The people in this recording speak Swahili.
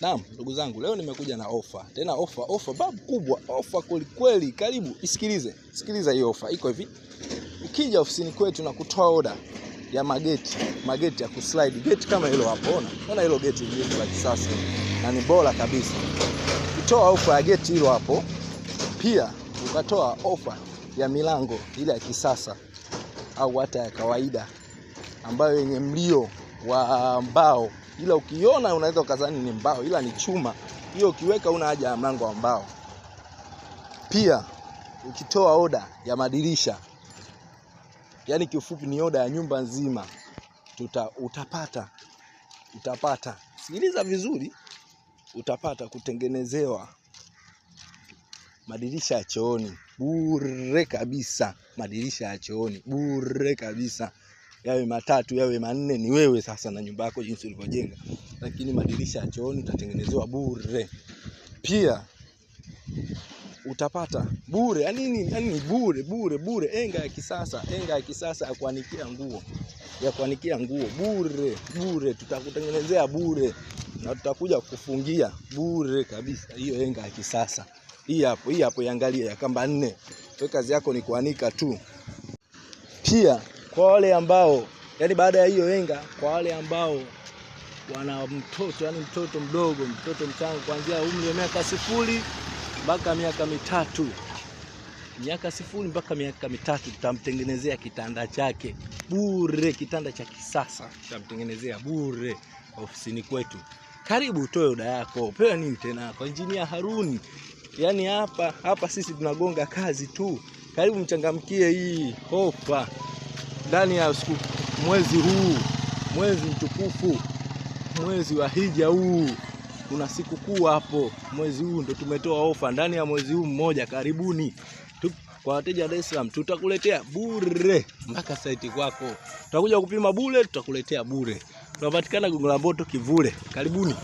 Naam, ndugu zangu, leo nimekuja na ofa tena, ofa ofa babu kubwa, ofa kwelikweli. Karibu isikilize, sikiliza hii ofa. Iko hivi, ukija ofisini kwetu na kutoa oda ya mageti, mageti ya kuslide, geti kama hilo hapo. Ona, ona hilo geti la kisasa na ni bora kabisa. kutoa ofa ya geti hilo hapo, pia ukatoa ofa ya milango ile ya kisasa au hata ya kawaida ambayo yenye mlio wa mbao ila ukiona unaweza ukazani ni mbao, ila ni chuma. Hiyo ukiweka una haja ya mlango wa mbao. Pia ukitoa oda ya madirisha, yaani kiufupi ni oda ya nyumba nzima, tuta utapata utapata, sikiliza vizuri, utapata kutengenezewa madirisha ya chooni bure kabisa, madirisha ya chooni bure kabisa yawe matatu yawe manne, ni wewe sasa na nyumba yako jinsi ulivyojenga. Lakini madirisha ya chooni utatengenezewa bure, pia utapata bure. Yani nini? Yaani bure bure bure, enga ya kisasa, enga ya kisasa ya kuanikia nguo, ya kuanikia nguo bure bure, tutakutengenezea bure na tutakuja kufungia bure kabisa. Hiyo enga ya kisasa hii hapo, hii hapo, iangalie ya kamba nne. Kazi yako ni kuanika tu pia kwa wale ambao yani, baada ya hiyo henga, kwa wale ambao wana mtoto yani mtoto mdogo, mtoto mchanga kuanzia umri wa miaka sifuri mpaka miaka mitatu, miaka sifuri mpaka miaka mitatu, tutamtengenezea kitanda chake bure, kitanda cha kisasa tutamtengenezea bure ofisini kwetu. Karibu utoe oda yako, pewa nini tena kwa Injinia Haruni. Yani hapa hapa sisi tunagonga kazi tu. Karibu mchangamkie hii hofa ndani ya siku mwezi huu, mwezi mtukufu, mwezi wa hija huu, kuna sikukuu hapo. Mwezi huu ndo tumetoa ofa, ndani ya mwezi huu mmoja, karibuni Tuk, kwa wateja wa Dar es Salaam tutakuletea bure mpaka saiti kwako, tutakuja kupima bure, tutakuletea bure. Tunapatikana Gongo la Mboto Kivule, karibuni.